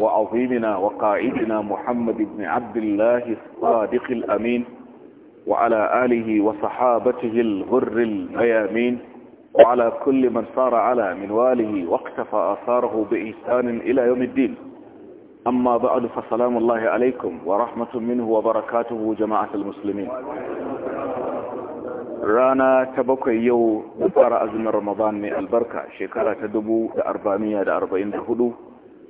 وعظيمنا وقائدنا محمد بن عبد الله الصادق الأمين وعلى آله وصحابته الغر الميامين وعلى كل من صار على منواله واقتفى آثاره بإحسان إلى يوم الدين أما بعد فسلام الله عليكم ورحمة منه وبركاته جماعة المسلمين رانا تبقى bakwai yau da رمضان من البركة شكرا تدبو shekara ta dubu da arba'amiya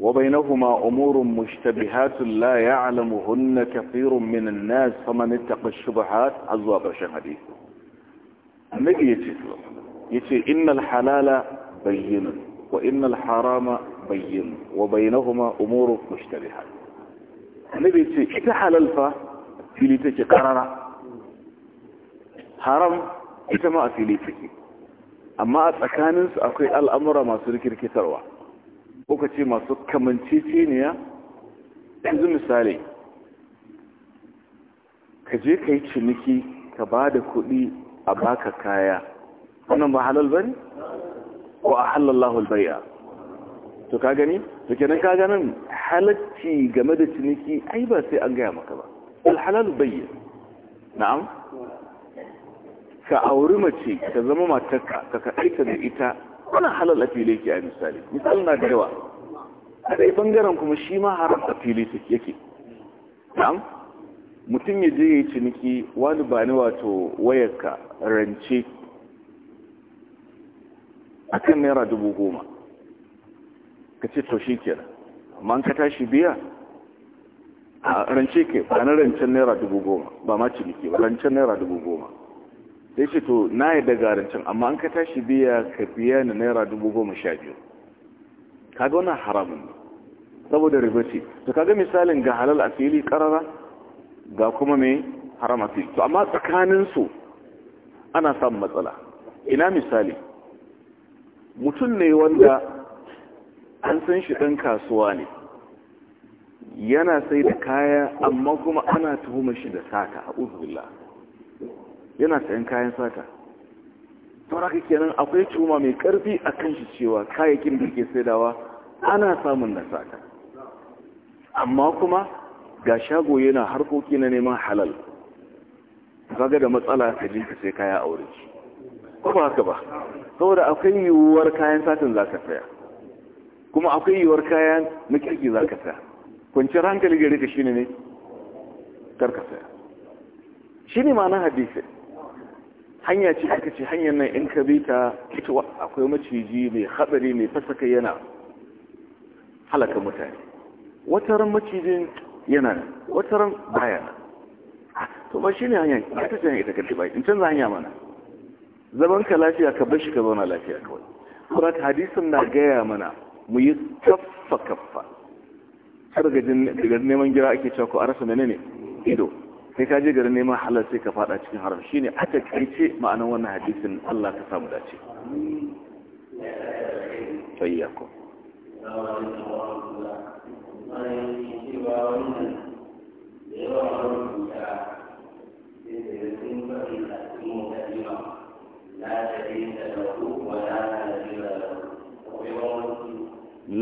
وبينهما أمور مشتبهات لا يعلمهن كثير من الناس فمن اتقى الشبهات عزوا برشان حديث النبي يتي يتي إن الحلال بين وإن الحرام بين وبينهما أمور مشتبهات النبي يتي إذا حللت فا فيلي تكي قرارا حرام إذا ما فيلي تكي أما أتكانس أقول الأمر ما سلك الكثروة ko ka ce masu ya? yanzu misali ka je ka yi ciniki ka ba da kuɗi a baka kaya wannan ba halal ne? ko a bai a. to ka gani to kenan ka ganin halacci game da ciniki ai ba sai an gaya maka ba alhalal bayyin na'am ka auri mace ka zama matarka ka kaɗaita da ita wani halal a fili ke a misali misali na da yawa a dai bangaren kuma shi ma haram a fili yake na'am mutum ya je ya ciniki wani ba ni wato wayarka rance a kan naira dubu goma ka ce to shi kenan amma ka tashi biya a rance ke ba na rancen naira dubu goma ba ma ciniki ba rancen naira dubu goma sai ce to na yi dagarancin amma an ka tashi biya ka biya na naira dubu goma sha biyu kaga wani haramun saboda riba ce to kaga misalin ga halal a fili karara ga kuma mai haram a fili to amma tsakaninsu ana samun matsala ina misali mutum ne wanda an san shi ɗan kasuwa ne yana sai da kaya amma kuma ana tuhumar shi da sata a uzurla yana sayan kayan sata sauraka kenan akwai cuma mai karfi a kan shi cewa kayayyakin da ke saidawa ana samun na sata amma kuma ga shago yana harkoki na neman halal zaga da matsala ka jinka sai kaya aure shi ko ba haka ba saboda akwai yiwuwar kayan satin za ka saya kuma akwai yiwuwar kayan na kirki za ka saya kwanciyar hankali gari ka shi ne karka saya shi ne ma na hadisai hanya ce aka ce hanyar nan in ka bi ta ita akwai maciji mai haɗari mai fasaka yana halaka mutane wataran macijin yana wata wataran baya ah, to ba shi ne hanyar ita ce hanyar ita kalli bai in canza hanya mana zaman ka lafiya ka bashi ka zauna lafiya kawai kuma hadisun na gaya mana mu yi kaffa kaffa har gajin neman gira ake cewa ko a rasa menene ido sai ka je garin neman halal sai ka fada cikin haram shine a takaice ma'anar wannan hadisin Allah ka samu dace tayyako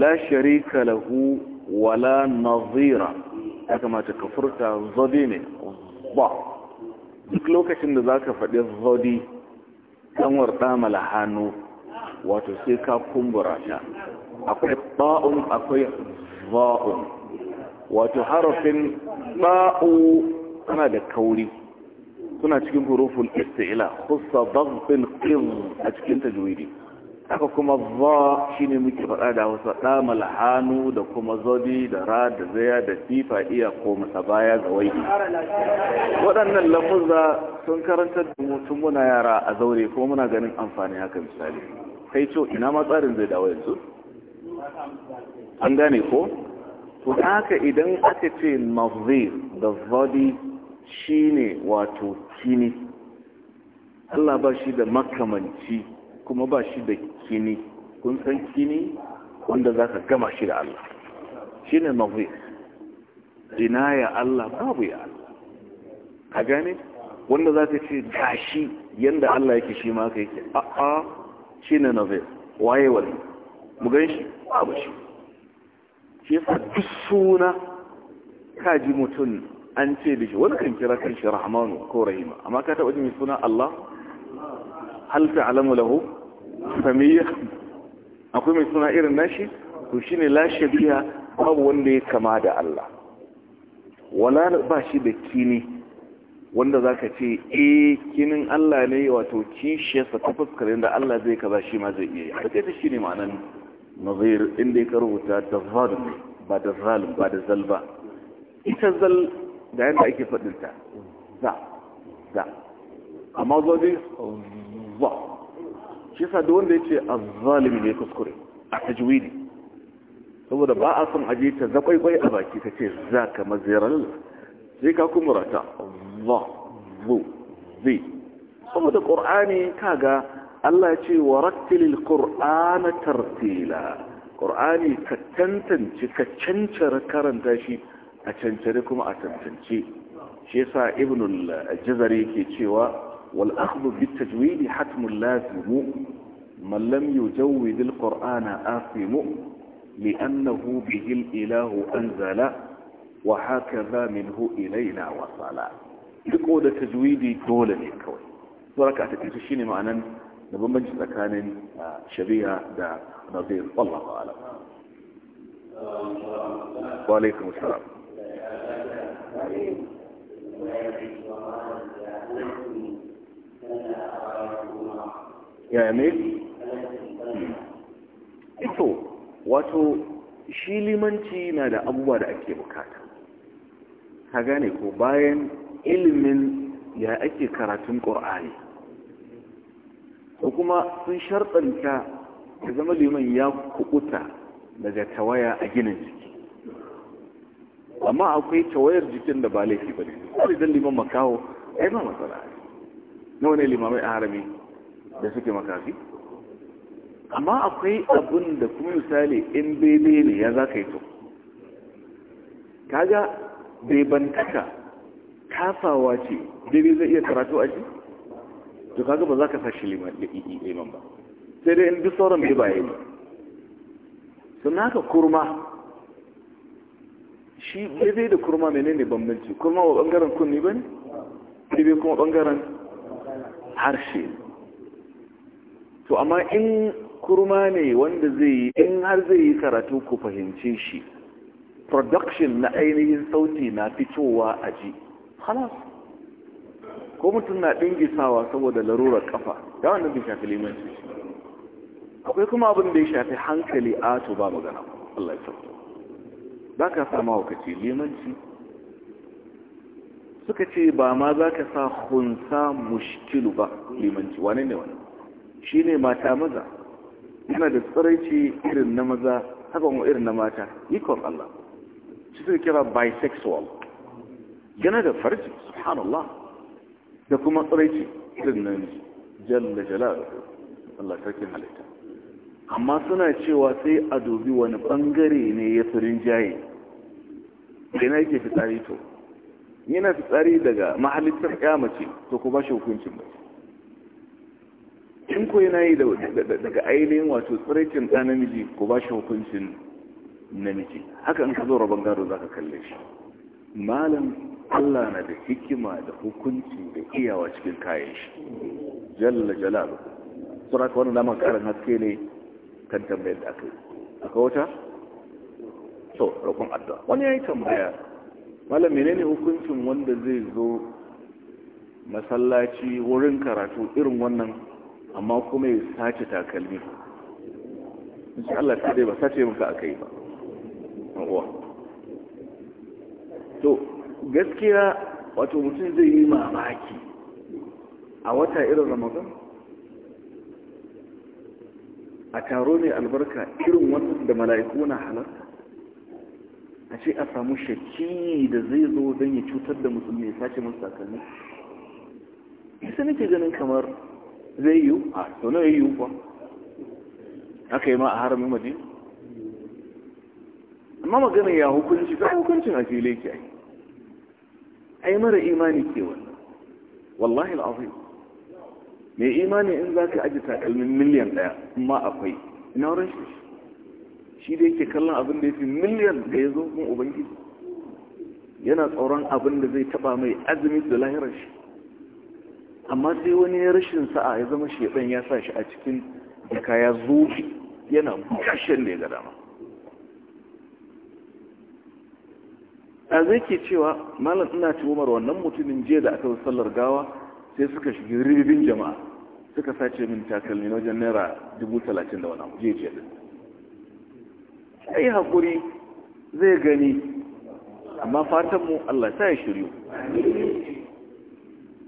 لا شريك له ولا نظير كما تكفرت ظبيمه ba duk lokacin da za ka faɗi zodi ɗanwar ɗamala hannu wato sai ka kumbura ta akwai ba'un akwai za'un wato harafin ba'u tana da kauri suna cikin huruful isti'ila khussa ɗin ƙin a cikin tajwidi haka kuma za shi ne muke faɗa da wasu ɗamal hannu da kuma zobi da ra da zaya da fifa iya ko masa baya ga wai waɗannan lamuzza sun karantar da mutum muna yara a zaure ko muna ganin amfani haka misali kai co ina ma zai dawo yanzu an gane ko to haka idan aka ce nazir da zodi shine wato kini Allah ba shi da makamanci kuma ba shi da kini kun san kini wanda za ka gama shi da Allah shi ne mafi ya Allah babu ya Allah a gane wanda za ka ce shi yadda Allah yake shi ma ka yake a'a shi ne mafi waye wani mu gan shi babu shi shi yasa duk suna kaji mutum an ce da shi wani kan kira kan shi rahmanu ko rahima amma ka taɓa jin suna Allah hal alamu lahu samiyya akwai mai suna irin nashi to shine la shabiha babu wanda ya kama da Allah wala ba shi da kini wanda zaka ce eh kinin Allah ne wato kishiyarsa ta fuskarin da Allah zai kaza shi ma zai iya yi ta shine ma'anar nazir inda ya rubuta da zalim ba da zalim ba da zalba ita zal da yadda ake faɗinta za za amma zo dai azza shi sa da wanda ya ce azzalimi ne kuskure a tajwidi saboda ba a son aje ta zakwaikwai a baki ta ce za ka mazirar sai ka kuma rata azza zu zi saboda ƙur'ani kaga Allah ya ce wa rattilil ƙor'ana tartila ƙor'ani ka tantance ka cancara karanta shi a cancare kuma a tantance shi yasa ibnul jazari ke cewa والأخذ بالتجويد حتم لازم من لم يجود القرآن آثم لأنه به الإله أنزل وهكذا منه إلينا وصل لقود تجويدي دولة كوي ذلك أتكتشين معنا نبمج كان آه، شبيه دا نظير والله أعلم وعليكم السلام ya ito wato shi limanci na da abubuwa da ake bukata ka gane ko bayan ilimin ya ake karatun ƙor'ani ko kuma sun sharɗanta ya zama liman ya kuɓuta daga tawaya a ginin jiki amma akwai tawayar jikin da ba laifi ba ne Ko liman makaho ai ba matsala ne na wani limamai a harami da suke makafi amma akwai abin da kuma misali in bebe ne ya za ka yi to kaga bebantaka kafawa ce bebe zai iya karatu a to kaga ba za ka sashi liman ba sai dai in duk sauran yi ne suna ka kurma shi bebe da kurma mai ne bambanci kurma wa bangaren kunni ba ne bebe kuma bangaren harshe ne to amma in kurma ne wanda zai in har zai yi karatu ku fahimce shi production na ainihin sauti na fitowa a ji halas ko mutum na dingisawa saboda larurar kafa da wanda bai shafi limanci akwai kuma abin da ya shafi hankali a to ba magana Allah ya sauta za ka sa mawakaci limanci suka ce ba ma za ka sa hunsa mushkilu ba limanci wane ne wani Shi ne mata maza yana da tsiraici irin na maza haka kuma irin na mata ikon Allah shi suka kira bisexual yana da farji subhanallah da kuma tsiraici irin na jalla jalal Allah sarkin halitta amma suna cewa sai a dubi wani bangare ne ya turin jaye yana yake fitsari to yana fitsari daga mahalittar kyamace to ku ba shi hukuncin mace in ko yana yi daga ainihin wato tsirrikin ɗan namiji ko ba shi hukuncin namiji haka in ka zo rabon gado za ka kalle shi malam allah na da hikima da hukunci da iyawa cikin kayan shi jalla jalalu sura ka wani namar karin haske ne kan tambayar da aka yi aka wata so rabon addu'a wani ya yi tambaya malam menene hukuncin wanda zai zo masallaci wurin karatu irin wannan amma kuma ya sace takalmi insha Allah ta dai ba sace maka akai ba uwa to gaskiya wato mutum zai yi mamaki a wata irin ramadan a taro mai albarka irin wannan da mala'iku na halarta a ce a samu shakki da zai zo don ya cutar da musulmi ya sace musu takalmi isa nake ganin kamar zai yiwu a tono na yiwu kuwa aka yi ma a haramin madina amma magana ya hukunci ba hukuncin a fili ke ai ai mara imani ke wannan wallahi al'azim mai imani in za ka ajiye takalmin miliyan daya ma akwai ina wurin shi shi da yake kallon abin da ya fi miliyan da ya zo kuma ubangiji yana tsoron abin da zai taba mai azumi da lahirar shi amma sai wani ya rashin sa'a ya zama shedan ya sa shi a cikin jaka ya zo yana bukashin ne ga dama a zai ke cewa malam ina ci umar wannan mutumin jiya da aka sallar gawa sai suka shiga ribibin jama'a suka sace min takalmi na wajen naira dubu talatin da wani jiya jiya ai haƙuri zai gani amma fatanmu allah ta ya shiryu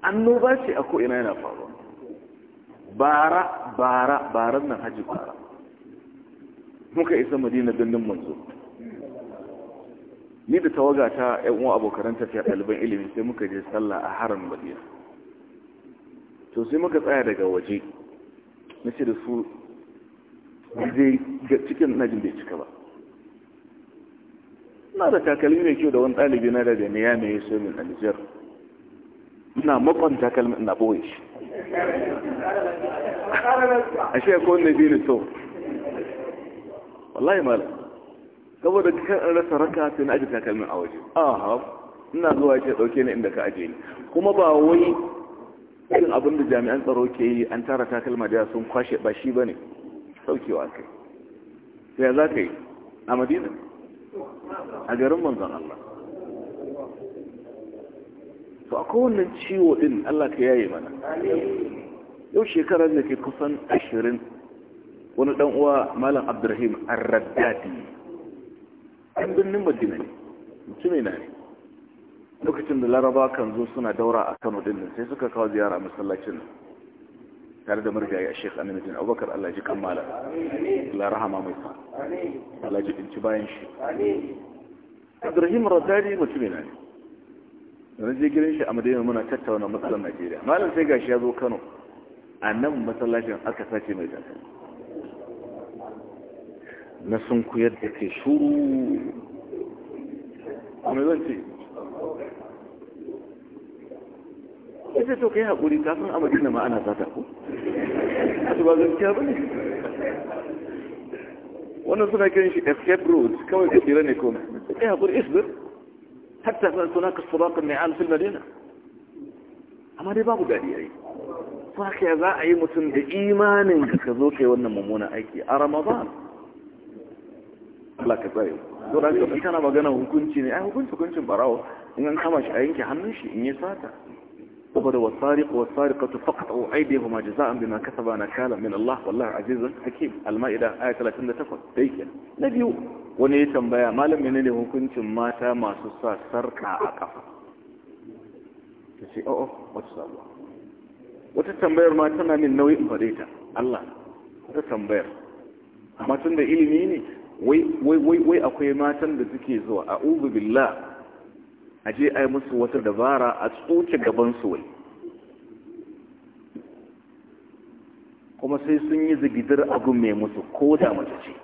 annoba ce a ko'ina yana faruwa bara bara baran nan haji bara muka isa madina birnin manzo ni da tawaga ta yan uwa abokan tafiya ɗaliban ilimi sai muka je sallah a haram madina to sai muka tsaya daga waje na ce da su zai cikin najin bai cika ba na da takalmi mai kyau da wani ɗalibi na da da ne ya mai so min ina makwanta kalmar ina ɓoye shi a shi akwai wanda biyu ne so wallahi malam saboda kan an rasa raka sai na aji takalmin a waje aha ina zuwa ce dauke ni inda ka aje ni kuma ba wai irin abin da jami'an tsaro ke yi an tara takalma da sun kwashe ba shi ba ne saukewa kai sai za ka yi a madina a garin manzan Allah to akwai wannan ciwo din Allah ka yaye mana yau shekarar da ke kusan ashirin wani dan uwa malam abdurrahim arraddadi an birnin madina ne mutume na ne lokacin da laraba kan zo suna daura a kano din sai suka kawo ziyara masallacin tare da marjayi a sheikh annabijin abubakar allah ji kan malam la rahama mai sa allah ji bayan shi abdurrahim arraddadi mutume na ne da je gidan shi a madina muna tattauna matsalar najeriya malam sai gashi ya zo kano a nan matsalashin aka sace mai takalmi na sun kuyar da ke shuru kuma zan ce ita to kai haƙuri san a madina ma ana zata ko su ba gaskiya ba ne wannan suna kiran shi escape road kawai ka tsira ne kuma kai haƙuri isbir hatta kan sunaka suratul ni'al fil madina amma dai babu dadi ai saka za a yi mutum da imanin ka ka zo kai wannan mummunan aiki a ramadan Allah ka tsare to da kana magana hukunci ne ai hukunci hukuncin barawo in an kama shi a yanke hannun shi in yi sata saboda wasariq wasariqatu faqtu aydihuma jazaan bima kasaba nakala min Allah wallahu azizun hakim al-maida aya 38 dai ke na biyu wani ya tambaya malam menene hukuncin mata masu sa sarka a kafa tace o'o wata sabuwa wata tambayar ma tana min nauyin fareta Allah wata tambayar amma tun da ilimi ne wai akwai matan da suke zuwa a'udhu a je a yi musu wata dabara a tsoce gaban wai kuma sai sun yi zigidar abu mai musu ko da mace ce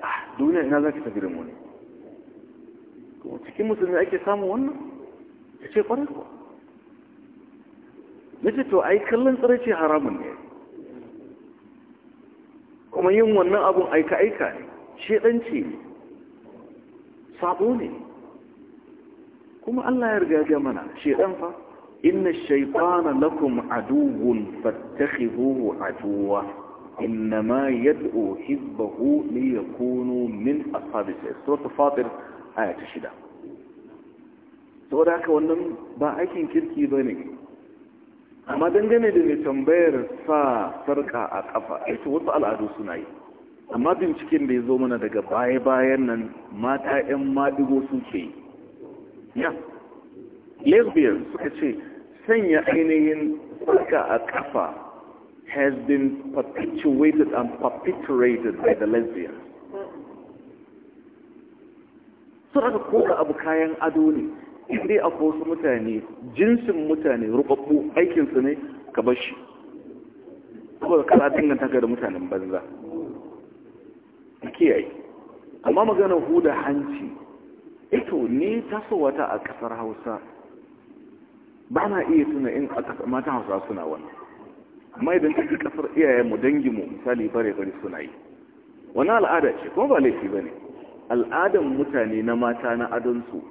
ah, duniya ina za ki tafi da muni kuma cikin musulmi ake samun wannan ya ce kwarar kuwa na ce to ai kallon ce haramun ne kuma yin wannan abun aika-aika ne shaɗanci ne sabo ne kuma Allah ya riga ga mana dan fa inna shaytana lakum aduwwun fattakhidhuhu aduwwa innama yad'u hizbahu yakunu min ashabis sura fatir aya ta shida saboda haka wannan ba aikin kirki bane amma dangane da mai tambayar sa sarka a kafa to wasu al'adu suna yi amma binciken da ya zo mana daga baya-bayan nan mata 'yan maɗigo suke ya lesbian suka ce sanya ainihin suka a ƙafa has been perpetuated and perpetuated by the lesbians su aka koka abu kayan ado ne inda a wasu mutane jinsin mutane rubabbu aikinsu ne ka bashi kuma kara danganta ga da mutanen banza A kiyaye amma maganar huda hanci ito ni tasowata a ƙasar hausa ba na iya tuna in a mata hausa suna wani amma idan ta ji ƙasar iyayenmu danginmu misali bare bare suna yi wani al'ada ce kuma ba laifi ba ne al'adan mutane na mata na adonsu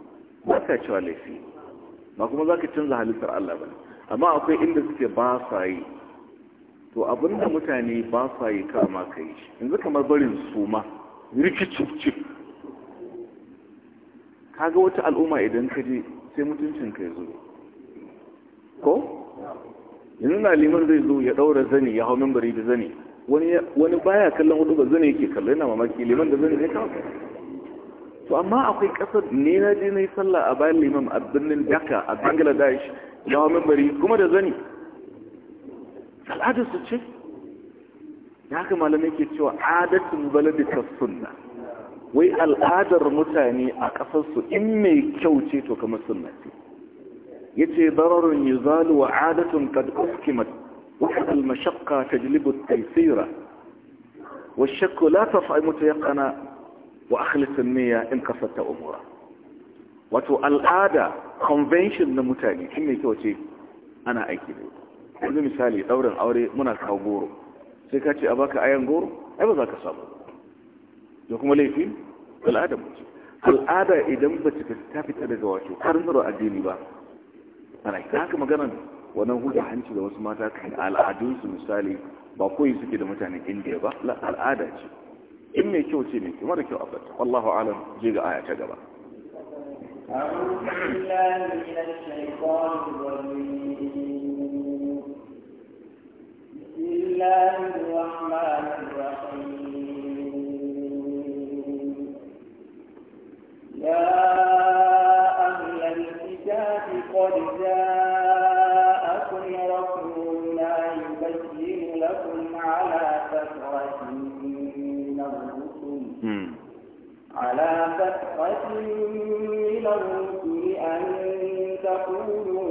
ba ka cewa laifi ba kuma za ka canza halittar allah ba ne amma akwai inda suke ba sa yi to abinda mutane ba sa yi ka ma ka yi yanzu kamar barin su ma rikicicif kaga wata al'umma idan ka je sai mutuncin ka zo ko yanzu na liman zai zo ya daura zani ya hau membari da zani wani baya kallon hudu ba zani yake kallon yana mamaki liman da zani zai kawo to amma akwai kasar ne na je na yi sallah a bayan liman a birnin daka a bangladesh ya hau membari kuma da zani al'adarsu ce ya haka malamai ke cewa adatun baladika sunna wai al'adar mutane a ƙasarsu in mai kyau ce to kamar sunna ce ya ce zararun yi zaluwa adatun kadkuskimat وحد المشقة تجلب التيسير والشك لا ترفع متيقنا وأخلص النية إن قصدت umura wato al'ada convention na mutane in mai kyau ce ana aiki da yanzu misali ɗaurin aure muna kawo goro sai ka ce a baka ayan goro ai ba za ka samu da kuma laifi al'ada mace al'ada idan ba ta ta fita daga wato zuwa addini ba ana ka haka maganar wannan hulɗa hanci da wasu mata kan al'adunsu misali ba koyi suke da mutanen indiya ba al'ada ce in mai kyau ce ne, kuma da kyau a wallahu alam je ga aya ta gaba أعوذ بالله من الشيطان الرجيم الله الرحمن الرحيم يا أهل الكتاب قد جاءكم رسولنا يبين لكم على فتحة من الرسل أن تقولوا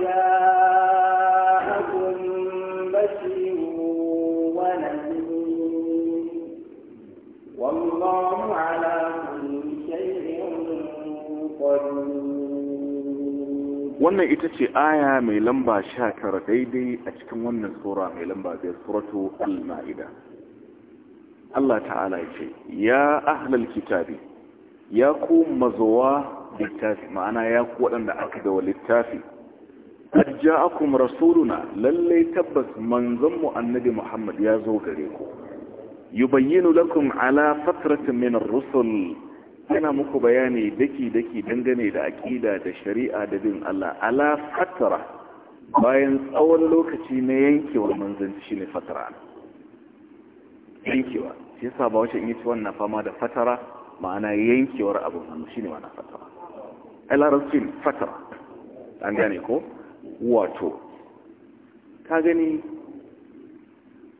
جاءكم بشير ونذير والله على كل شيء قدير wannan ita ce aya mai lamba sha tara daidai a cikin wannan sura mai lamba biyar suratu al-ma'ida Allah ta'ala ya ce ya ahlul kitabi ya ku mazowa littafi ma'ana ya ku waɗanda aka da littafi laqad ja'akum rasuluna lalle tabbas manzon mu annabi Muhammad ya zo gare ku yubayyinu lakum ala fatratin min ar-rusul yana muku bayani daki daki dangane da aqida da shari'a da bin Allah ala fatra bayan tsawon lokaci na yankewar manzanci shine fatra yankewa shi yasa ba wace in yi wannan fama da fatara ma'ana yankewar abin hannu shine ma'ana fatara ai larabcin fatara an gane ko wato ka gani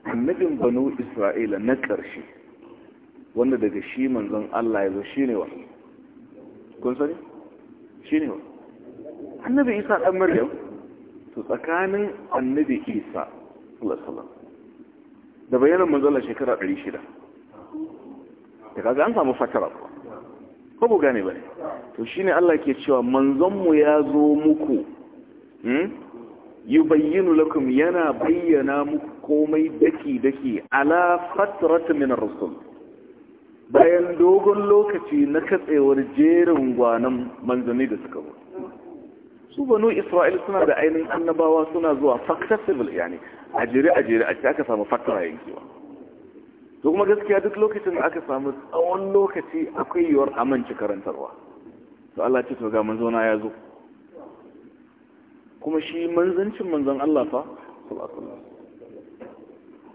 annabin banu isra'ila na ƙarshe wanda daga shi manzon Allah ya zo shi ne wa kun sani shi ne wa annabi isa ɗan maryam to tsakanin annabi isa alasalam da bayanan manzala shekara 600 da kaga an samu fatara ko ko gane ba ne to shi ne Allah ke cewa manzonmu ya zo muku Hmm? yubayyinu lakum yana bayyana muku komai daki-daki ala fatrat min rasul bayan dogon lokaci na katsewar jerin gwanan manzanni da suka zo su banu isra'il suna da ainihin annabawa suna zuwa factable yani a jere a jere a ce aka samu fatara yankewa to kuma gaskiya duk lokacin da aka samu tsawon lokaci akwai yiwuwar amince karantarwa to Allah ce to ga manzona ya zo kuma shi manzancin manzan Allah fa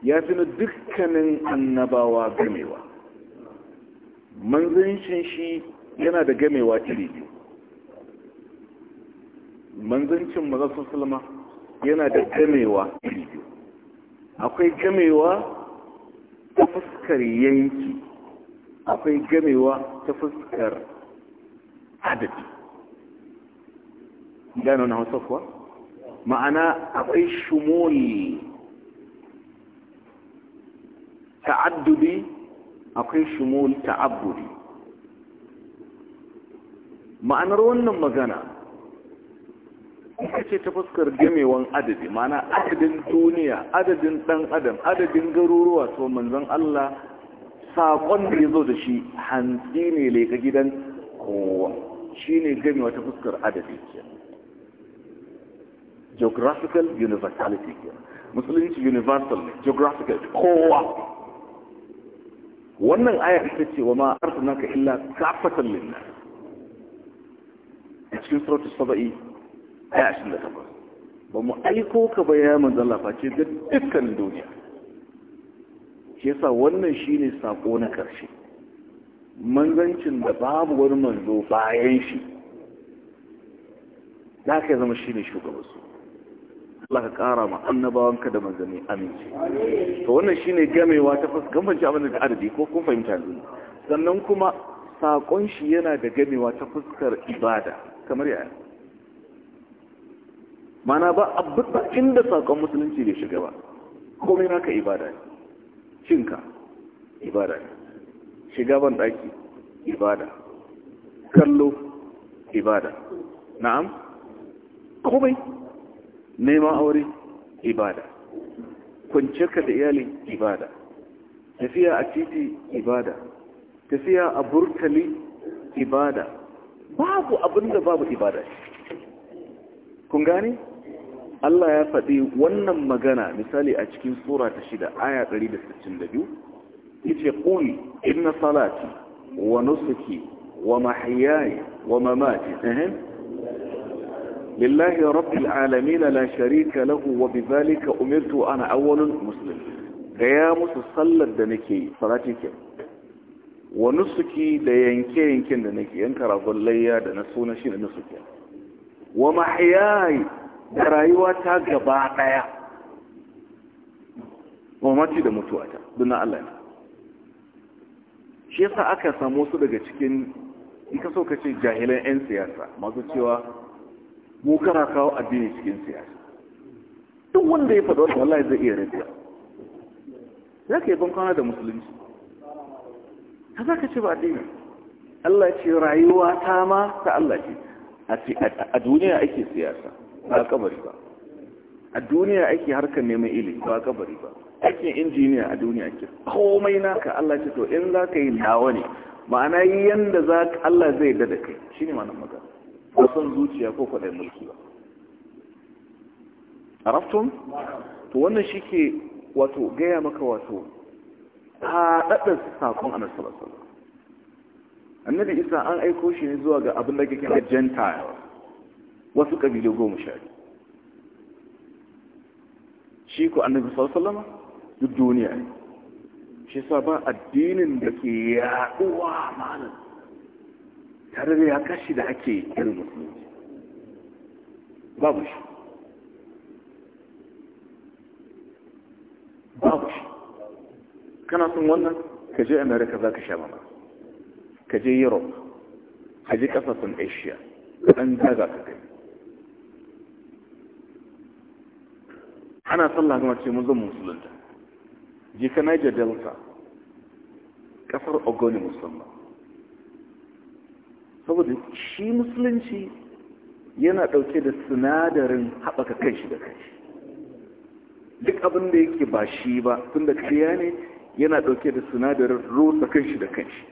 ya fi na dukkanin annabawa gamewa manzancin shi yana da gamewa iri biyu manzancin mazafin salama yana da gamewa iri biyu akwai gamewa ta fuskar yanki akwai gamewa ta fuskar adadi gano na hausa kuwa? ma'ana akwai shumul ta'addudi akwai shumul ta'abbudi ma'anar wannan magana ita ce ta fuskar gamewan adadi ma'ana adadin duniya adadin dan adam adadin garuruwa to manzon Allah saƙon da ya zo da shi hantsi ne leka gidan kowa shi ne gamewa ta fuskar adadi geographical universality musulunci universal ne geographical kowa wannan aya ita ce wa ma arsalnaka illa kafatan linnas a cikin sarauta saba'i aya 28 ba mu aiko ka ba ya manzon Allah face ga dukkan duniya shi yasa wannan shine sako na karshe manzancin da babu wani manzo bayan shi da ka zama shine shugaban su Allah ka kara ma annabawanka da manzanni aminci to wannan shine gamewa ta fuskan banci abin da adadi ko kun fahimta ni sannan kuma sakon shi yana da gamewa ta fuskar ibada kamar ya mana ba abu ba inda sakon musulunci bai shiga ba komai naka ibada ne cinka ibada ne shiga ban daki ibada kallo ibada na'am komai neman aure ibada kwanciyarka da iyali ibada tafiya a titi ibada tafiya a burtali ibada babu abinda babu ibada kun gani Allah ya faɗi wannan magana misali a cikin surata ta shida aya 162 ce qul inna salati wa nusuki wa mahyaya wa mamati lillahi rabbil alamin la sharika lahu wa bidhalika umirtu ana awwalul muslim ga musu sallar da nake salati ke wa nusuki da yanke yanken da nake yanka ragon layya da suna shi da nusuki wa mahyayi da rayuwa ta gaba daya mamaci da mutuwata duna Allah ne shi yasa aka samu su daga cikin in ka so jahilan 'yan siyasa masu cewa mu kana kawo addini cikin siyasa duk wanda ya faɗo wallahi zai iya rabiya za ka yi bankwana da musulunci ta za ka ce ba addini Allah ce rayuwa ta ma ta Allah ce a duniya ake siyasa ba kabari ba a duniya ake harkar neman ilimi ba kabari ba ake injiniya a duniya ake komai naka Allah ce to in za ka yi nawa ne ma'ana yanda za Allah zai dada kai shine ne manan magana ko son zuciya ko kwaɗayin mulki ba A raftun to wannan shi ke wato gaya maka wato haɗaɗɗar saƙon annabi sallallahu alaihi annabi isa an aiko shi ne zuwa ga abin da ke kira gentile wasu ƙabilu goma sha biyu shi ko annabi sallama duk duniya ne shi sa ba addinin da ke yaɗuwa malam tare da ya kashi da ake irin musulunci babu shi babu shi kana sun wannan ka je america za ka sha mama ka je europe ka je kasafin asia ɗan daga ka kai ana sallah kuma ce mun zan musulunta je ka niger delta ƙasar ogoni musulman saboda shi musulunci yana ɗauke da sinadarin haɓaka kai shi da kai duk abin da yake ba shi ba tun da kariya ne yana ɗauke da sinadarin rusa kan shi da kan shi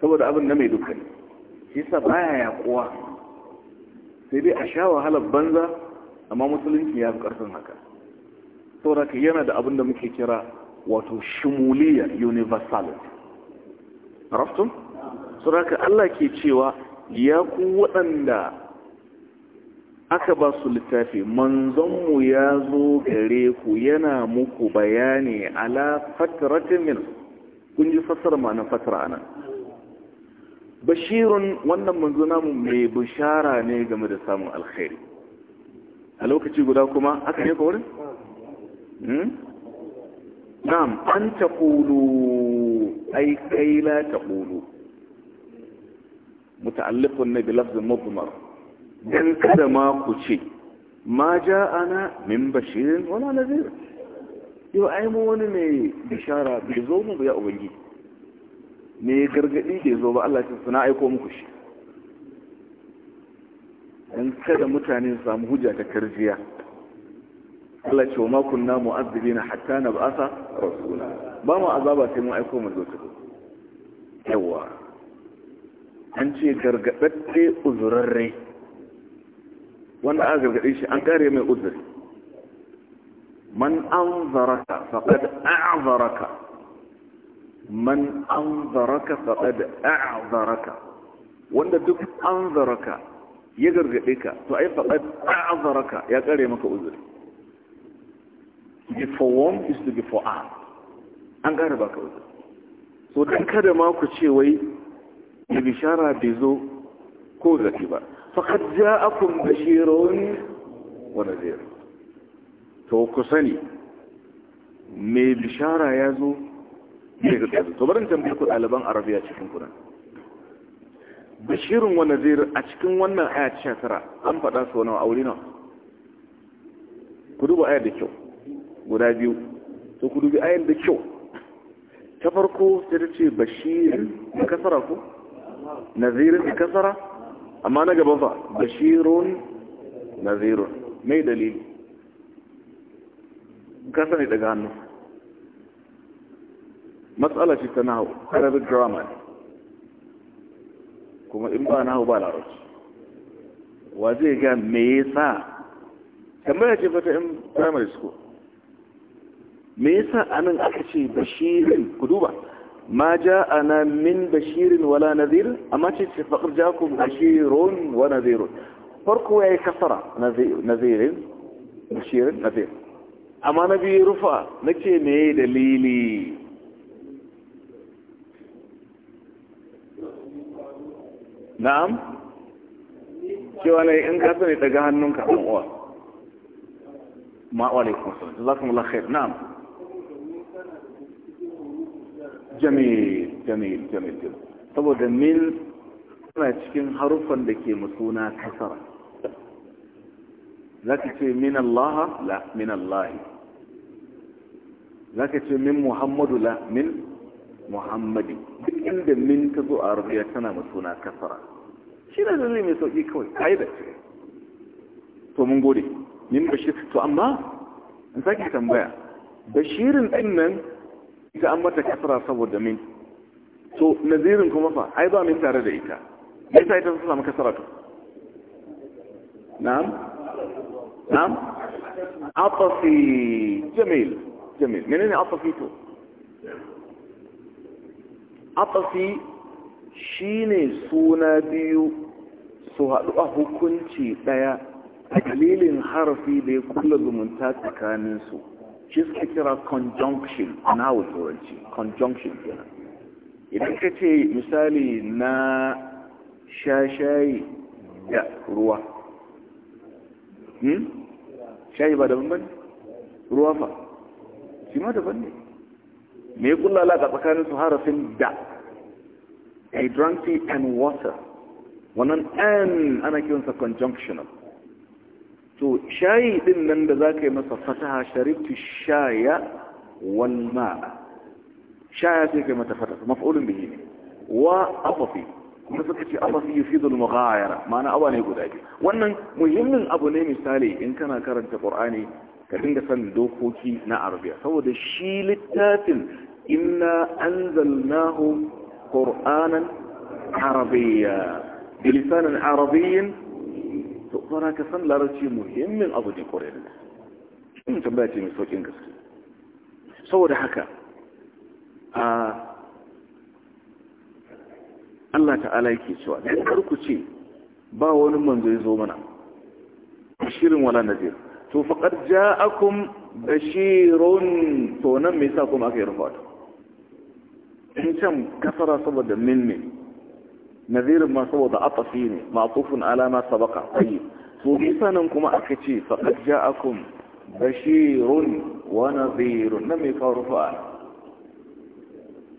saboda abin na mai dukkan shi sa baya yaƙuwa sai dai a sha wahalar banza amma musulunci ya fi ƙarfin haka saboda ka yana da abin da muke kira wato shimuliya universality raftun suraka Allah ke cewa ya ku waɗanda aka ba su littafi manzonmu ya zo gare ku yana muku bayani ala fatratin min kun ji fasar ma'anar fatara nan bashirun wannan manzonamu namu mai bishara ne game da samun alkhairi a lokaci guda kuma aka ne kawai? Hmm? na'am an taƙulu ai kai la taƙulu muta'allifun ne bi lafzin mudmar dan kada ma ce ma ja'ana min bashirin wala nadhir yau ai wani mai bishara bai zo mu ya ubangi me gargadi bai zo ba Allah ya suna aiko muku shi dan kada mutane samu hujja ta karjiya Allah ce wa ma kunna mu'azzibina hatta nab'atha rasula ba mu azaba sai mun aiko mu zo ta yawa an ce gargaɗaɗɗe uzurarre wanda aka gargaɗe shi an kare mai uzuri man an zaraka faɗaɗa a zaraka man an zaraka faɗaɗa a zaraka wanda duk an zaraka ya gargaɗe ka to ai faɗaɗa a zaraka ya kare maka uzuri before one is to be an an kare baka uzuri so don kada ma ku ce wai da bishara bai zo ko zafi ba faƙad ja'akum bashirun wani nadhir to ku sani mai bishara ya zo ne ga kaza to barin tambaye ku ɗaliban arabiya cikin kuna Bashirin wani nadhir a cikin wannan aya ta tara an faɗa su nawa aure nawa ku duba aya da kyau guda biyu to ku dubi ayan da kyau ta farko sai ta ce bashir kasara ku nazirin bi kasara amma na gaba fa bashirun nazirun mai dalili kasa ne daga hannu matsala ce ta nahu arabic drama kuma in ba nahu ba larabci wa zai ga me yasa tambaya ce fata in primary school me yasa anan aka ce bashirin ku duba ma ja ja'ana min bashirin wala nadhir amma ce ce faqad ja'akum bashirun wa nadhirun farko yayi kasara nadhirin bashirin nadhir amma nabi rufa ce me dalili na'am cewa ne in ka sani daga hannunka uwa ma wa alaikum assalam jazakumullahu khair na'am jamil jamil jamil saboda mil suna cikin haruffan da ke masuna kasara za ka ce min Allah la min Allahi za ka ce min Muhammadu la min Muhammadi duk inda min ta zo a rubiya tana masuna kasara shi da zai mai sauƙi kawai ƙa'ida ce to mun gode min bashir to amma in sake tambaya bashirin ɗin nan ita an mata kasara saboda min to nazirin kuma fa ai ba min tare da ita yasa ita ta samu kasara to na'am na'am atasi jamil jamil menene atasi to atasi shine suna biyu su haɗu a hukunci ɗaya a dalilin harafi da ya kulla zumunta tsakaninsu shi suke kira conjunction na turanci conjunction kenan idan ka ce misali na shashayi da ruwa hmm? shayi ba daban bane ruwa fa shi ma daban ne me ya kulla alaƙa tsakanin su harafin da I drank tea and water wannan an ana kiransa conjunctional to shayi din nan da za ka yi masa fataha sharibtu shaya wal ma'a shaya sai kai mata fataha maf'ulun bihi ne wa afafi kuma suka ce afafi yufidu al-mughayara ma'ana awa ne guda biyu wannan muhimmin abu ne misali in kana karanta qur'ani ka dinga san dokoki na arabiya saboda shi littafin inna anzalnahu qur'anan arabiyya bilisanin arabiyyin to kuma ka san larabci muhimmin abu ne kwarai da in tambaya ce mai saukin gaske saboda haka a Allah ta'ala yake cewa da karku ce ba wani manzo ya zo mana shirin wala nadir to faqad ja'akum bashirun to nan me yasa kuma aka yi rufa in can kasara saboda min min نذير ما سوض فيني معطوف على ما سبق طيب مبيسانكم أكتي فقد جاءكم بشير ونذير نمي فارفاء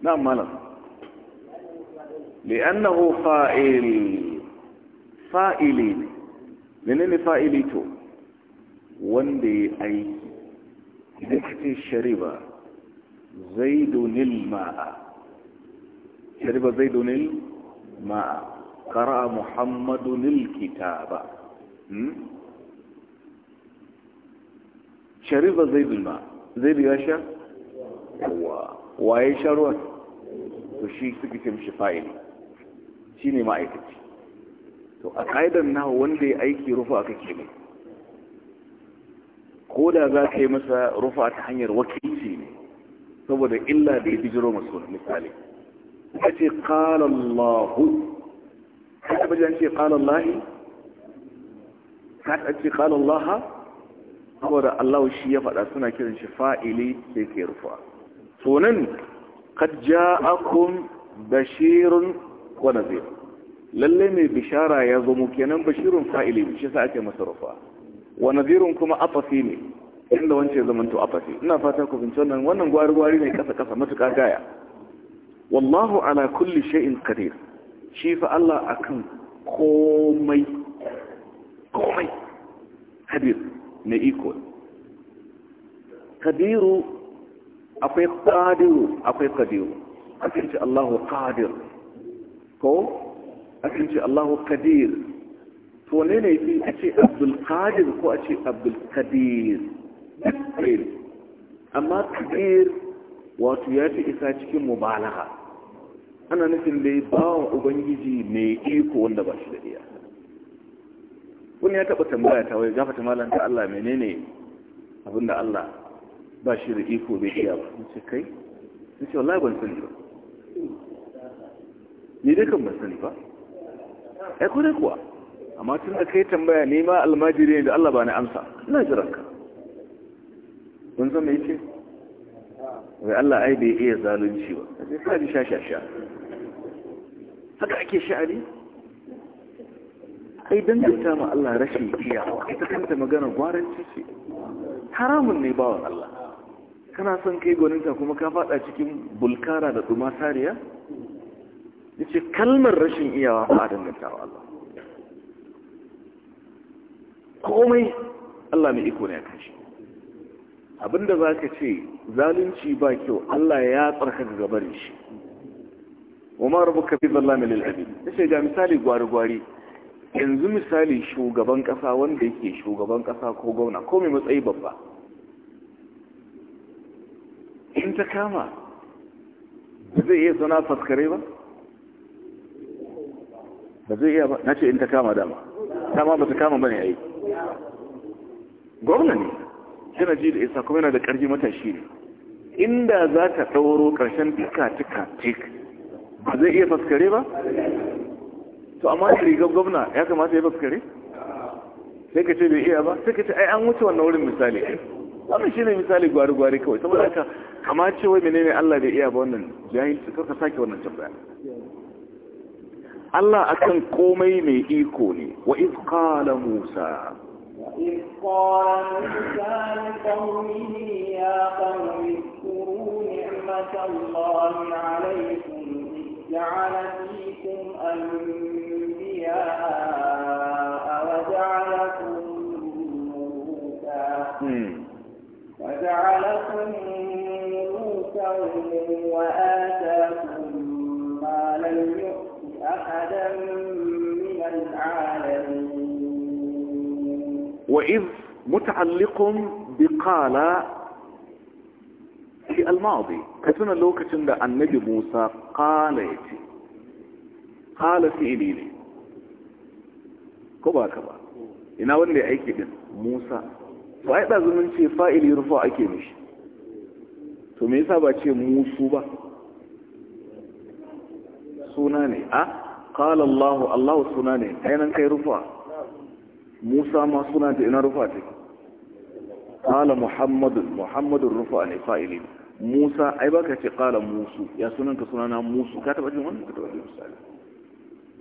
نعم ما ملم لأنه فائل فائلين لنني فائليتو واندي أي نكتي الشريبة زيد الماء شرب زيد نلماء ما قرأ محمد الكتاب شرب زيد الماء زيد يا شا waye sharuwan to shi suke ce mishi fa'ili shi ne ma'aikaci to a ƙa'idar na wanda ya aiki rufa aka ke ne ko da za ka yi masa rufa ta hanyar wakilci ne saboda illa da ya bijiro masu misali ka ce ƙala Allahu ka taɓa ji an ce ƙala Allahi ka ce ƙala Allaha saboda Allahu shi ya faɗa suna kiran shi fa'ili sai ke rufa to nan kad ja'akum bashirun wa nadhir lalle mai bishara ya zo mu kenan bashirun fa'ili shi sa ake masa rufa wa nadhirun kuma afasi ne inda wance zamanto afasi ina fata ku bince wannan wannan gwari gwari ne kasa kasa matuƙa gaya wallahu ala kulli shay'in qadir shi fa Allah akan komai komai qadir ne iko qadiru akwai qadiru akwai qadiru akan ce Allahu qadir ko akan ce Allahu qadir to ne ne fi a ce Abdul Qadir ko a ce Abdul Qadir amma Kadir wato ya fi isa cikin mubalaga ana nufin dai bawan ubangiji mai iko wanda ba shi da iya wani ya taɓa tambaya ta wai gafata malam ta Allah menene abinda Allah ba shi da iko bai iya ba sun ce kai sun ce wallahi ban sani ba ni dai kan ban sani ba ai ko dai kuwa amma tun da kai tambaya ne ma almajiri ne da Allah ba ni amsa ina jiran ka Mun san me yake wai Allah ai bai iya zalunci ba sai ka ji shashasha haka ake sha'ani ai danganta ma Allah rashin iyawa ita kanta magana gwaranci ce haramun ne bawan Allah kana son kai gwaninta kuma ka fada cikin bulkara da tsuma sariya yace kalmar rashin iyawa ba danganta wa Allah komai Allah mai iko ne a kashi abinda ka ce zalunci ba kyau Allah ya tsarkaka gabarin shi wa ma rabbuka fi dhallamin lil abid sai ga misali gwari gwari yanzu misali shugaban kasa wanda yake shugaban kasa ko gwamna ko mai matsayi babba in ta kama zai iya zana faskare ba ba zai iya ba na ce in ta kama dama dama ba ta kama ba ne a yi gwamna ne yana ji da isa kuma yana da ƙarfi matashi ne inda za ta ɗauro ƙarshen tika tika tik ba zai iya faskare ba to amma rigar gwamna ya kamata ya faskare sai ka ce bai iya ba sai ka ce ai an wuce wannan wurin misali wannan shi ne misali gwari-gwari kawai saboda haka amma ce wai menene Allah bai iya ba wannan jahil su karka sake wannan tambaya Allah akan komai mai iko ne wa iz qala Musa وإذ جعل فيكم أنبياء وجعلكم ملوكا وجعلكم ملوكا وآتاكم ما لم يؤت أحدا من العالمين وإذ متعلق بقال shi almadi ka tuna lokacin da annabi musa kala ya ce kala fi'ili ne ko ba ka ba ina wanda ya aiki din musa ba yi ɗazu min ce fa'il fa'ili rufa ake mishi to me yasa ba ce musu ba suna ne a kala allahu allahu suna ne a ainihin kai rufa musa ma suna ta ina rufa take قال محمد محمد الرفع لفائلين musa ai baka ce kala musu ya sunan ka sunana musu ka taba jin wannan ka taba jin misali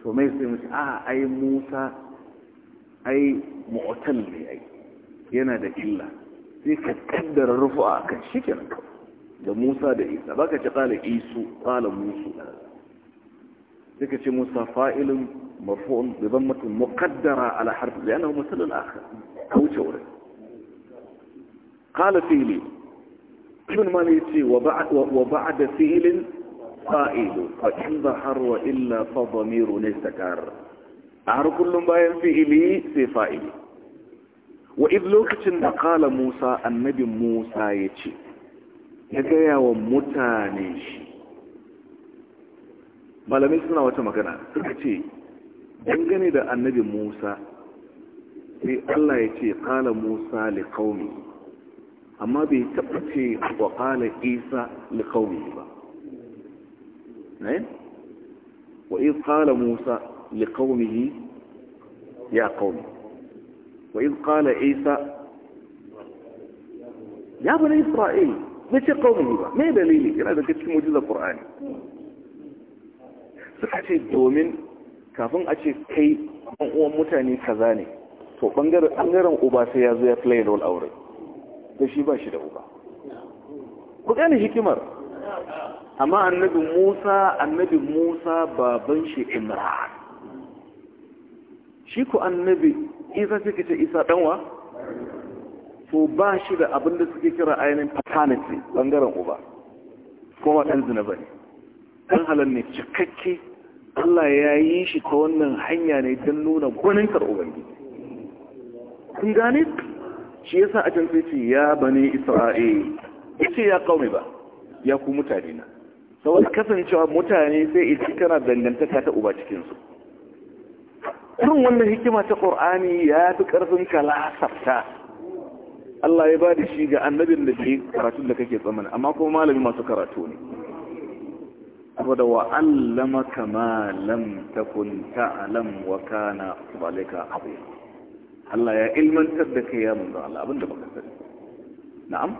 to mai sai mu a ai musa ai mu'tal ne ai yana da illa sai ka kaddara rufu'a kan shikenan ka da musa da isa baka ce kala isu kala musu sai ka ce musa fa'ilun marfu'un bi dhammatin muqaddara ala harfi li'annahu masal al-akhir kauce wurin qala fi ibn mali ce wa ba'da fi'lin fa'ilu fa in zahar wa illa fa dhamiru nistakar a har kullum bayan fi'ili sai fa'ili wa id lokacin da kala musa annabi musa ya ce ya gaya wa mutane shi malamai suna wata magana suka ce dangane da annabi musa sai allah ya ce kala musa li qaumi amma bai taɓa ce wa ƙala isa liƙauni ba ne? Eh? wa iz ƙala musa liƙaunihi ya ƙauni wa iz ƙala isa ya bane isra'il ne ce ƙaunihi ba mai dalili yana daga cikin da ƙur'ani suka ce domin kafin a ce kai an uwan mutane kaza ne to ɓangaren uba sai ya zo ya play role aure da shi ba shi da uba ku gane hikimar amma annabi musa annabi musa baban shi imran shi ku annabi isa suke ce isa ɗanwa to ba shi da abin da suke kira ainihin paternity ɓangaren uba kuma ɗan zina ba ne ɗan halar ne cikakke allah ya yi shi ta wannan hanya ne don nuna gwanin karɓar ubangiji kun gane shi yasa a can sai ce ya bani isra'il ce ya kaume ba ya ku mutane na saboda kasancewa mutane sai ita kana dangantaka ta uba cikin su irin wannan hikima ta ƙur'ani ya fi ƙarfin kalasafta Allah ya bada shi ga annabin da ke karatun da kake tsamani amma kuma malami masu karatu ne saboda wa allama kama lam takun ta'lam wa kana zalika azim Allah ya ilmantar da kai ya manzo Allah abinda baka sani na'am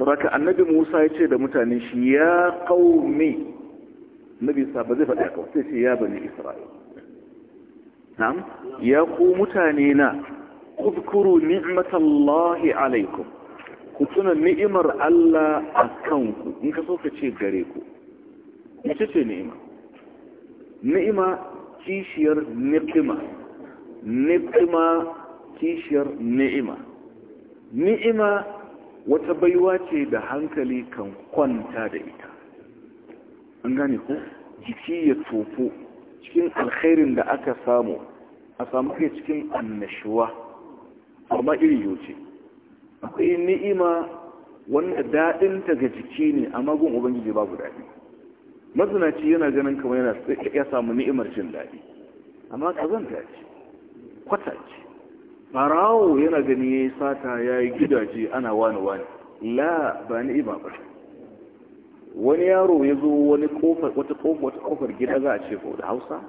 saboda annabi Musa ya ce da mutane shi ya qaumi nabi sa ba zai faɗi haka sai ce ya bani Isra'il na'am ya ku mutane na kuzkuru ni'matallahi alaikum ku tuna ni'imar Allah a kanku in ka so ka ce gare ku mace ce ni'ima ni'ima kishiyar ni'ima ni'ima kishiyar ni'ima ni'ima wata baiwa ce da hankali kan kwanta da ita an gane ko jiki ya tofo cikin alkhairin da aka samu a samu kai cikin annashuwa amma iri yoce akwai ni'ima wanda daɗinta ga jiki ne amma gun ubangiji babu daɗi mazinaci yana ganin kamar yana ya samu ni'imar jin daɗi amma kazanta ce kwata ce farawo yana gani ya yi sata ya yi gidaje ana wani wani la ba ni ba ba wani yaro ya zo wani kofar wata kofar wata kofar gida za a ce ko da hausa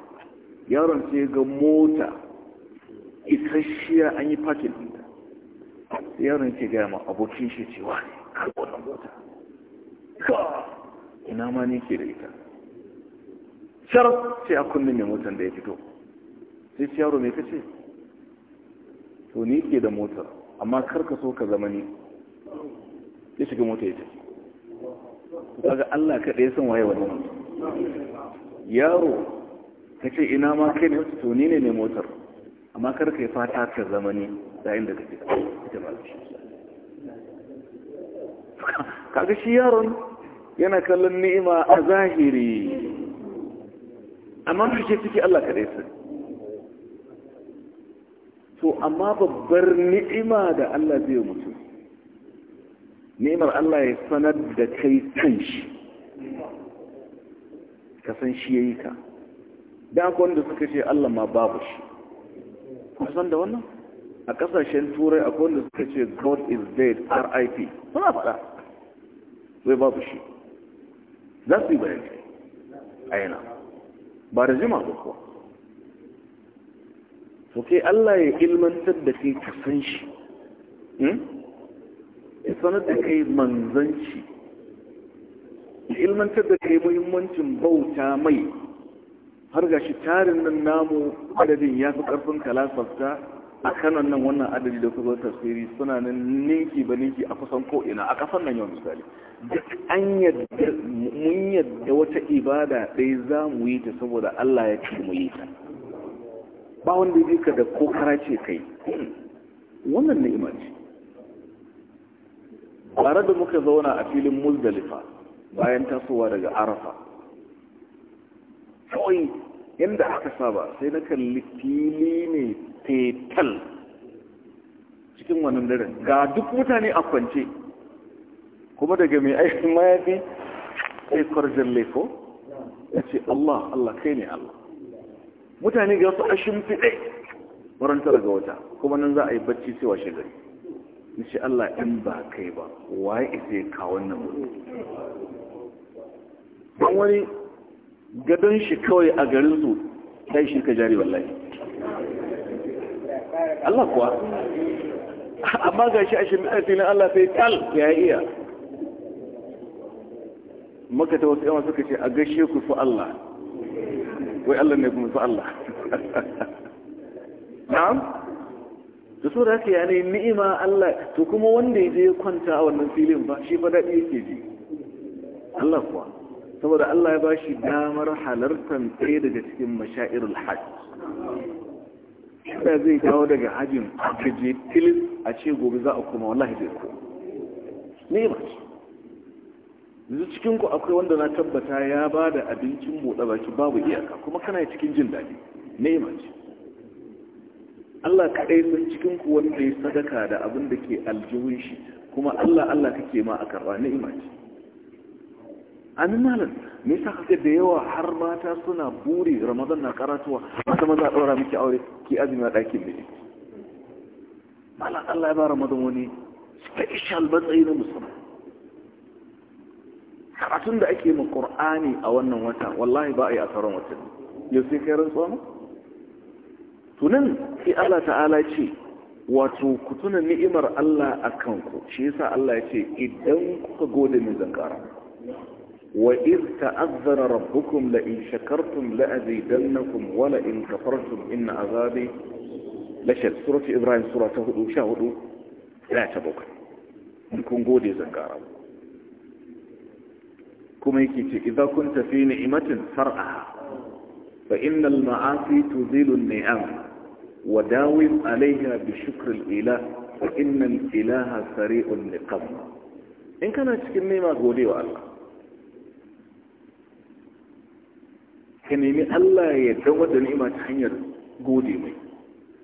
yaron sai ga mota isasshiya an yi fakin dinta yaron ke gaya ma abokin shi cewa ne kar wannan mota ka ina ma ne ke da ita sharaf sai a kunnen mai motan da ya fito sai yaro mai kace to ni ke da motar amma kar ka so ka zama ni ya shiga mota ya tafi kaga Allah ka dai san waye wannan yaro ka ce ina ma kai ne to ni ne ne motar amma kar ka yi fata ka zama ni yayin da ka ce ita ba shi kaga shi yaron yana kallon ni'ima a zahiri amma shi ciki Allah ka dai sani to amma babbar ni'ima da Allah zai mutu ni'imar Allah ya sanar da kai kan shi ka san shi ya yi ka da akwai wanda suka ce Allah ma babu shi san da wannan a kasashen turai akwai wanda suka ce God is dead RIP suna faɗa zai babu shi za su yi bayani a yana ba da jima ba kuwa to kai Allah ya ilmantar da kai ka san shi hmm? ya sanar da kai manzanci ya ilmantar da kai muhimmancin bauta mai har ga shi tarin nan namu adadin ya fi ƙarfin kalasarta a kanan nan wannan adadi da kuma tasiri suna nan ninki ba ninki a kusan ko'ina a kasan nan yau misali duk an yadda mun yadda wata ibada ɗaya za mu yi ta saboda Allah ya ce mu yi ta ba wanda ya ka da ko karace kai wannan ni'ima ce tare da muka zauna a filin muzdalifa bayan tasowa daga arafa kawai yadda aka saba sai na kalli fili ne tetal cikin wannan daren ga duk mutane a kwance kuma daga mai aikin mayafi sai kwarjan laifo ya ce Allah Allah kai ne Allah mutane ga su a shimfiɗe wurin tara ga wata kuma nan za a yi bacci sai washe gari nishi Allah in ba kai ba waye isa kawo nan mutum don wani gadon shi kawai a garinsu ta yi shirka jari wallahi Allah kuwa amma ga shi a shimfiɗe na Allah sai tal ya iya maka ta wasu yawan suka ce a gashe ku fi Allah wai Allah ne kuma su Allah na'am da su da haka yanayi ni'ima Allah to kuma wanda ya je kwanta a wannan filin ba shi fa daɗi yake ji Allah kuwa saboda Allah ya bashi damar halartar ɗaya daga cikin mashairul hajj da zai kawo daga hajjin ka je tilis a ce gobe za a koma wallahi zai ni ni'ima ce yanzu cikin ku akwai wanda na tabbata ya ba da abincin buɗe baki babu iyaka kuma kana cikin jin daɗi ni'ima ce Allah kaɗai san cikin ku wanda ya sadaka da abin da ke aljihun shi kuma Allah Allah kake ma a karɓa ni'ima ce amin malam me yasa kake da yawa har mata suna buri ramadan na karatuwa mata maza ɗora miki aure ki azumi a ɗakin da malam Allah ya ba ramadan wani special matsayi na musamman karatun da ake mu qur'ani a wannan wata wallahi ba a yi a sauran watanni yau sai kai rantsuwa ma tunan sai Allah ta'ala ce wato ku tuna ni'imar Allah a kanku shi yasa Allah ya ce idan kuka gode min zankara wa iz ta'azzara rabbukum la in shakartum la azidannakum wa la in kafartum inna azabi la shad surati ibrahim sura ta 14 la ta bakwai kun gode zankara kuma yake ce idza kunta fi ni'matin far'aha fa innal ma'asi tuzilu ni'am wa dawim 'alayha bi shukri al-ilah fa innal ilaha sari'un liqam in kana cikin nema gode wa Allah ka nemi Allah ya dawo da ni'ima ta hanyar gode mai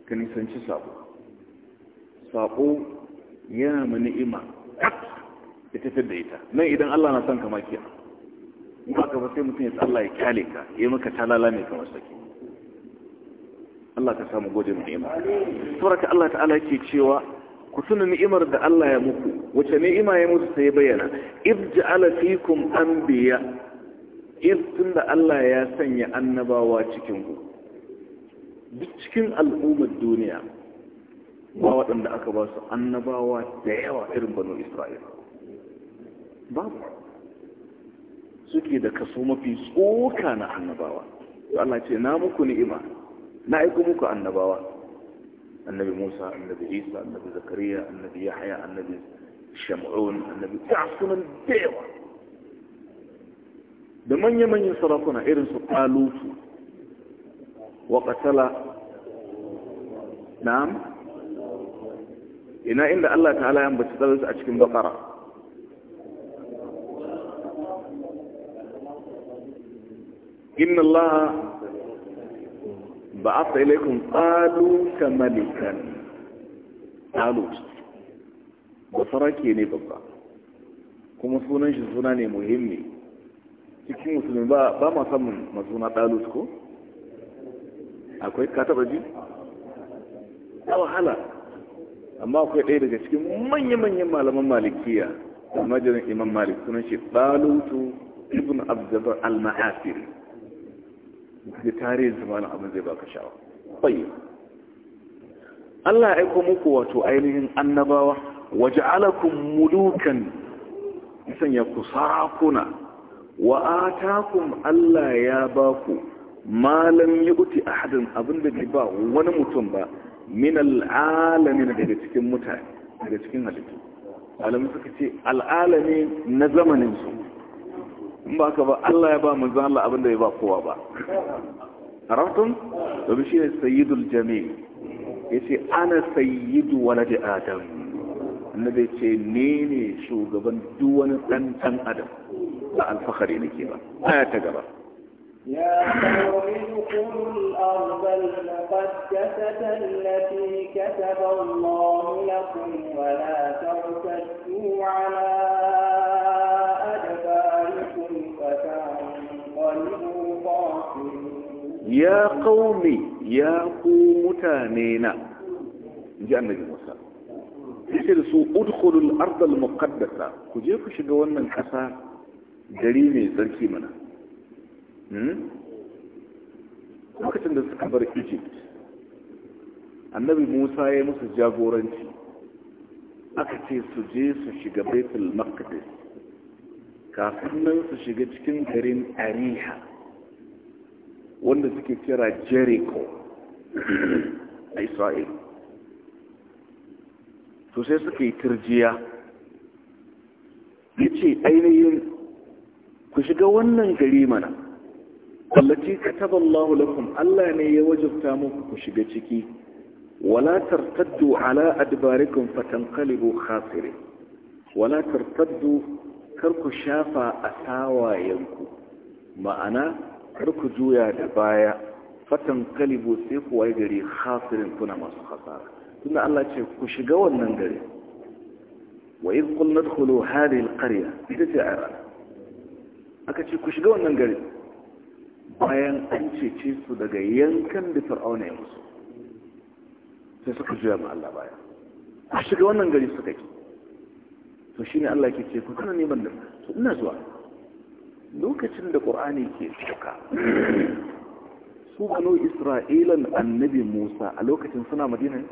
ka nisanci sabo sabo ya ma ni'ima ita tafi da ita nan idan Allah na son kama kiyar in ba ka ba sai mutum ya tsalla ya kyale ka ya maka talala mai kamar sake Allah ka samu gode mu ni'ima saboda Allah ta'ala yake cewa ku tuna ni'imar da Allah ya muku wace ni'ima ya musu sai bayyana ibja'ala fikum anbiya tun da Allah ya sanya annabawa cikin ku duk cikin al'ummar duniya ba waɗanda aka ba su annabawa da yawa irin banu Isra'ila babu suke da kaso mafi tsoka na annabawa Allah ce na muku ni'ima na aiko muku annabawa annabi Musa annabi Isa annabi Zakariya annabi Yahya annabi Shamun annabi Ta'sunan dewa da manya-manyan sarakuna irin su Talutu wa qatala na'am ina inda Allah ta'ala ya ambaci tsararsa a cikin bakara إن الله بعث إليكم قالوا كملكا قالوا basarake ne babba kuma sunan suna ne muhimmi cikin musulmi ba ma samun masuna ɗalus ko akwai ka ji ta wahala amma akwai ɗaya daga cikin manya-manyan malaman malikiya da majalin imam malik sunan shi ɗalutu ibn abdullahi al-ma'asiri da tarihin zamanin abin zai baka sha'awa bayi Allah ya aiko muku wato ainihin annabawa waje alakun mulukan sanya ya sarakuna wa atakum Allah ya baku malam ya uti ahadin abin da bai ba wani mutum ba min al'alamin daga cikin mutane daga cikin halittu alamu suka ce al'alami na zamanin su in ba ka ba Allah ya ba manzon Allah abinda ya ba kowa ba arabtum domin shi ne sayyidul jami ya ce ana sayyidu walade adam annabi ce ne ne shugaban duk wani dan dan adam ba alfahari nake ba aya ta gaba يا قوم ادخلوا الأرض المقدسة التي كتب الله لكم ولا ترتدوا على ya kaume ya ku mutane na ji annabi Musa yake da su udkhulul ardal muqaddasa ku je ku shiga wannan kasa gari mai tsarki mana hmm? lokacin da suka bar Egypt annabi Musa ya musu jagoranci aka ce su je su shiga baitul maqdis kafin nan su shiga cikin garin ariha wanda suke kira jericho a isra'il to sai suka yi turjiya ya ce ainihin ku shiga wannan gari mana allaci kataba Allahu lakum Allah ne ya wajabta muku ku shiga ciki wala tartaddu ala adbarikum fatanqalibu khasirin wala tartaddu kar ku shafa a tawayenku ma'ana Karku juya da baya fatan kalibu sai ku waye gari hasirin kuna masu hasara tunda Allah ce ku shiga wannan gari wa idh qulna dkhulu hadhihi alqarya ita ce ayar aka ce ku shiga wannan gari bayan an cece su daga yankan da fir'auna ya musu sai suka juya ma Allah baya ku shiga wannan gari suka ki to shine Allah yake ce ku kana neman da ina zuwa lokacin da ƙur'ani ke sauka su gano isra'ilan annabi musa a lokacin suna madina ne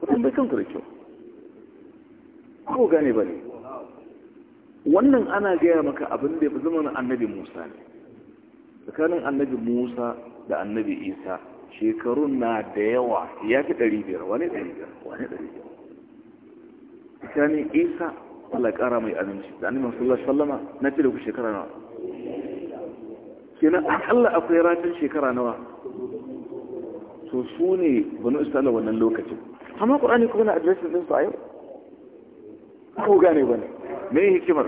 kudin da kanku da kyau ko gane ba ne wannan ana gaya maka abin da ya fi zama na annabi musa ne tsakanin annabi musa da annabi isa shekarun na da yawa ya fi 500 wani biyar, wani 500 tsakanin isa Allah ya ƙara mai aminci da annabi sallallahu alaihi na ce da ku shekara nawa kenan Allah akwai ratin shekara nawa to su ne banu isra'ila wannan lokacin amma qur'ani kuma na addressing din su a yau ko gane bane me hikimar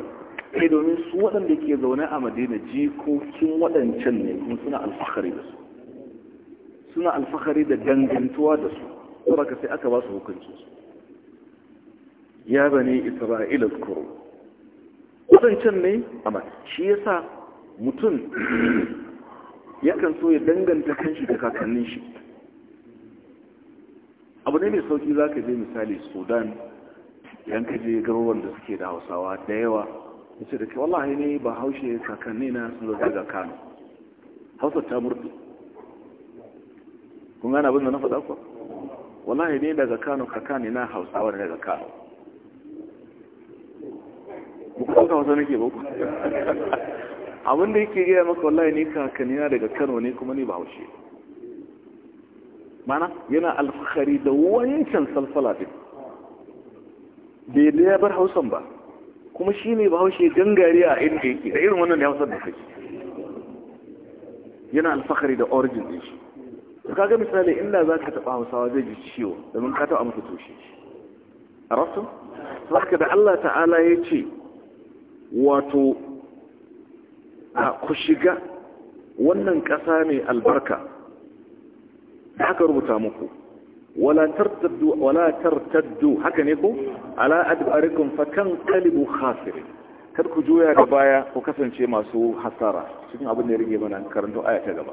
kai eh, domin su waɗanda ke zaune a madina jikokin waɗancan ne kuma suna alfahari da su suna alfahari da dangantuwa da su saboda sai aka ba su hukunci su ya bane isra'ila zukuru can ne amma shi yasa mutum yakan so ya danganta kanshi da kakannin shi abu ne mai sauki za ka je misali sudan yan ka je garuruwan da suke da hausawa da yawa da ce da ke wallahi ne ba haushe kakanni na sun zo daga kano hausa ta murdu kun gane abin da na faɗa kuwa wallahi ne daga kano kakanni na hausawa daga kano kuka wasu nake ba abinda yake gaya maka wallahi ni kakanina daga kano ne kuma ni ba haushe mana yana alfahari da wancan Salfalafin. din bai da ya bar hausan ba kuma shi ne ba haushe gangare a inda yake da irin wannan ya hausar da kai yana alfahari da origin din shi to kaga misali inda za ka taɓa hausawa zai ji ciwo domin ka taɓa a toshe shi a rasu? da Allah ta'ala ya ce wato a ku shiga wannan ƙasa mai albarka haka rubuta muku wala tartaddu wala tartaddu haka ne ko ala adbarikum fakan kalibu khasir kar ku juya ga baya ku kasance masu hasara cikin abin da ya rige mana karanto aya ta gaba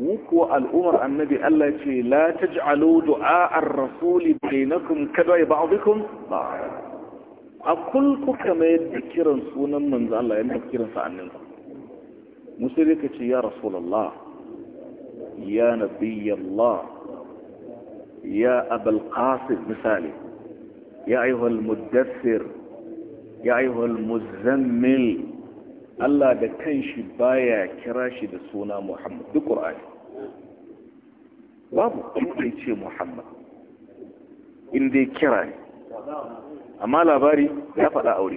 موكو الأمر النبي التي لا تجعلوا دعاء الرسول بينكم كدعاء بعضكم بعض أقول كما يذكر سونا من ذا الله يذكر سعنين مسيرك يا رسول الله يا نبي الله يا أبا القاسد مثالي يا أيها المدثر يا أيها المزمل Allah da kanshi baya kira shi da suna Muhammad duk Qur'ani babu inda ce Muhammad In dai kira ne amma labari ya faɗa aure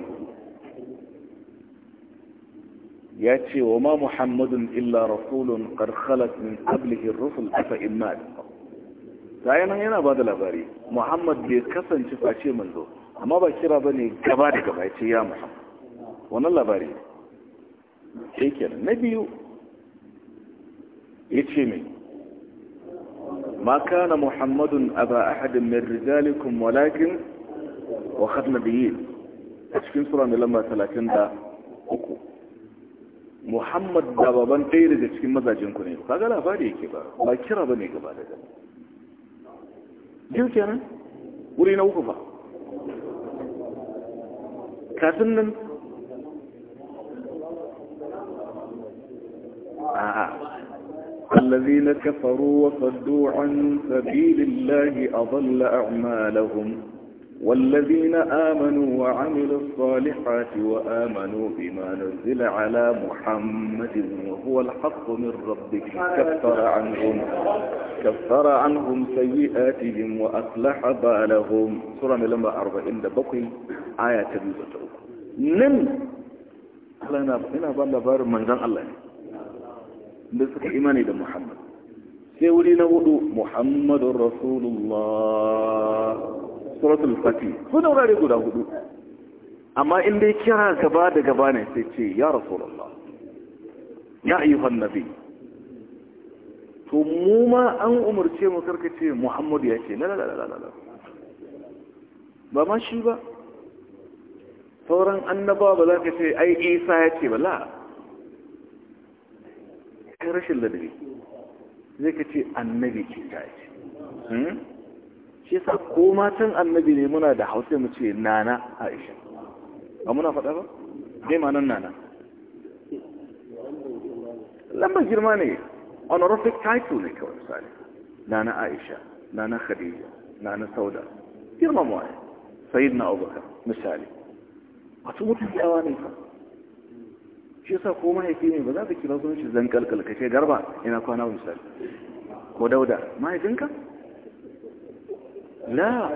ya ce wa ma Muhammadun illa rasulun qad khalat min qablihi ar-rusul afa immat sayan yana ba da labari Muhammad bai kasance face manzo amma ba kira bane gaba da gaba ya ce ya Muhammad wannan labari ne yake na biyu yace mai ma kana muhammadun aba ahadin min rijalikum walakin wa hadna biyu a cikin sura mai lamba uku muhammad da baban ɗaya daga cikin mazajen ku ne Ba ba labari yake ba ba kira ne gaba da gani biyu kenan wuri na uku ba kafin nan الذين كفروا وصدوا عن سبيل الله أضل أعمالهم والذين آمنوا وعملوا الصالحات وآمنوا بما نزل على محمد وهو الحق من ربك كفر عنهم كفر عنهم سيئاتهم وأصلح بالهم سورة ملما عند بقي آية تبيضة أخرى نم الله نبقى نبقى نبقى من الله da suka imani da Muhammad sai wuri na hudu Muhammadur Rasulullah suratul Fatih sun wurare guda hudu amma in dai kira gaba da gaba ne sai ce ya Rasulullah ya ayyuhan nabi to mu ma an umarce mu karkace Muhammad ya ce la la la la ba ma shi ba sauran annabawa ba za ka ce ai Isa ya ce ba la'a kai rashin ladabi zai ka ce annabi ke ta hmm? shi sa ko matan annabi ne muna da hausa mu ce nana aisha ba muna faɗa ba dai manan nana lambar girma ne honorific title ne kawai misali nana aisha nana khadija nana sauda girma mawaye sayid na abubakar misali wato mutum yawa ne fa shi yasa ko mahaifi ne ba za ka kira sunan shi zan kalkal kace garba ina kwana misali ko dauda mahaifinka la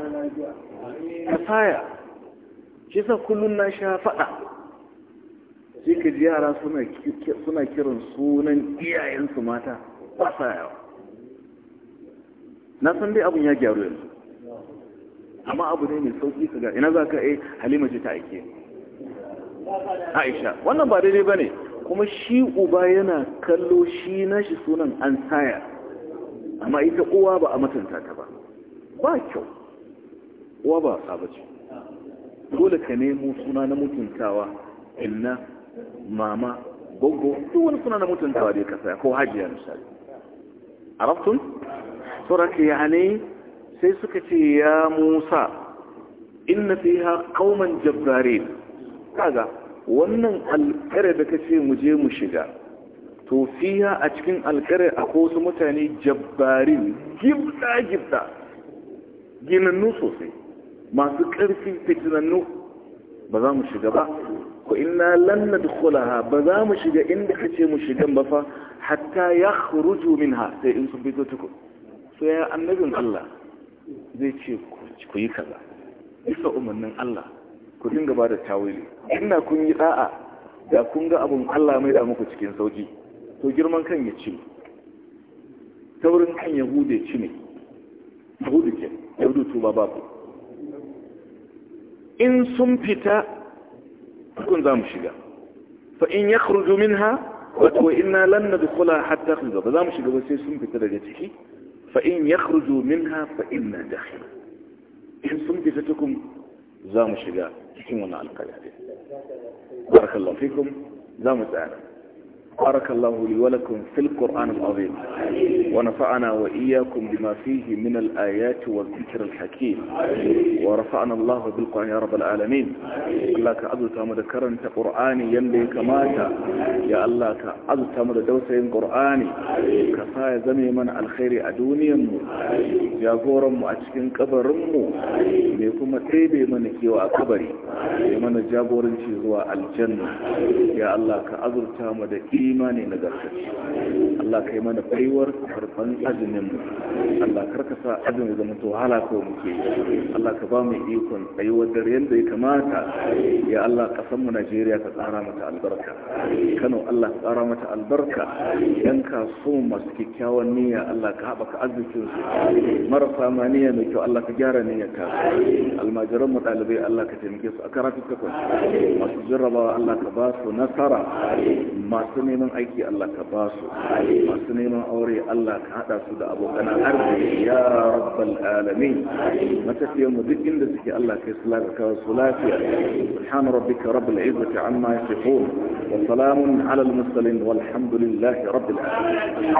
kafaya shi yasa kullun na sha faɗa sai ka ji yara suna kiran sunan iyayensu mata ba sa yawa na san dai abun ya gyaru yanzu amma abu ne mai sauƙi su ga ina za ka eh halima ce ta aike aisha wannan ba daidai ba ne kuma shi uba yana kallo shi na shi sunan an saya amma ita uwa ba a mutunta ta ba ba kyau uwa ba a ba ce dole ka nemo suna na mutuntawa inna mama gogo duk wani suna na mutuntawa da ya saya ko hajiya misali arabtun suraka ya ne sai suka ce ya musa inna fiha qauman jabbarin kaga wannan alkare da ka ce mu mu shiga to fiya a cikin alkare a wasu mutane jabbarin gibda gibda ginannu sosai masu ƙarfi fitinannu ba za mu shiga ba ko ina lanna dukkulaha ba za mu shiga inda ka ce mu shigan ba fa hatta ya ruju min ha sai in sun fito tukun so ya annabin Allah zai ce ku yi kaza bisa umarnin Allah ku dinga ba da tawili ina kun yi da'a da kun ga abin Allah mai da muku cikin sauki to girman kan ya ci taurin kan ya hude ci ne hude ke hudu tuba ku in sun fita kun za mu shiga fa in ya kurju min ha wato ina lan na dukula hatta kun ba za mu shiga ba sai sun fita daga ciki fa in ya kurju min ha fa ina dakhil in sun fita tukun زام الشجاع على القيادة بارك الله فيكم زام تعالى بارك الله لي ولكم في القرآن العظيم ونفعنا وإياكم بما فيه من الآيات والذكر الحكيم ورفعنا الله بالقرآن يا رب العالمين الله كأدلت مذكرا قرآن يلي كماتا يا الله كأدلت مدوسين قرآني كفاية زمي من الخير أدوني يا غورم أتكين كبرم ليكم تيبي من كيوا كبري من جابورن شيزوا الجنة يا الله كأدلت مدكي imani na garka Allah kai mana baiwar karban azumin mu Allah karka sa azumin zama to halaka muke Allah ka ba mu ikon tsayuwar dare yadda ya kamata ya Allah kasan mu Najeriya ka tsara mata albarka Kano Allah ka tsara mata albarka yan kasuwan masu kyakkyawan niyya Allah ka haɓaka arzikin su marasa ma niyya mai kyau Allah ka gyara niyyar ka almajiran mu ɗalibai Allah ka taimake su a karatu takwas masu jarrabawa Allah ka ba su nasara masu ne neman aiki Allah ka ba su masu neman aure Allah ka hada su da abokan arziki ya rabbal alamin matafiyan mu duk inda suke Allah kai su lafiya ka su lafiya subhana rabbika rabbil izzati amma yasifun wa salamun ala al mursalin walhamdulillahi rabbil alamin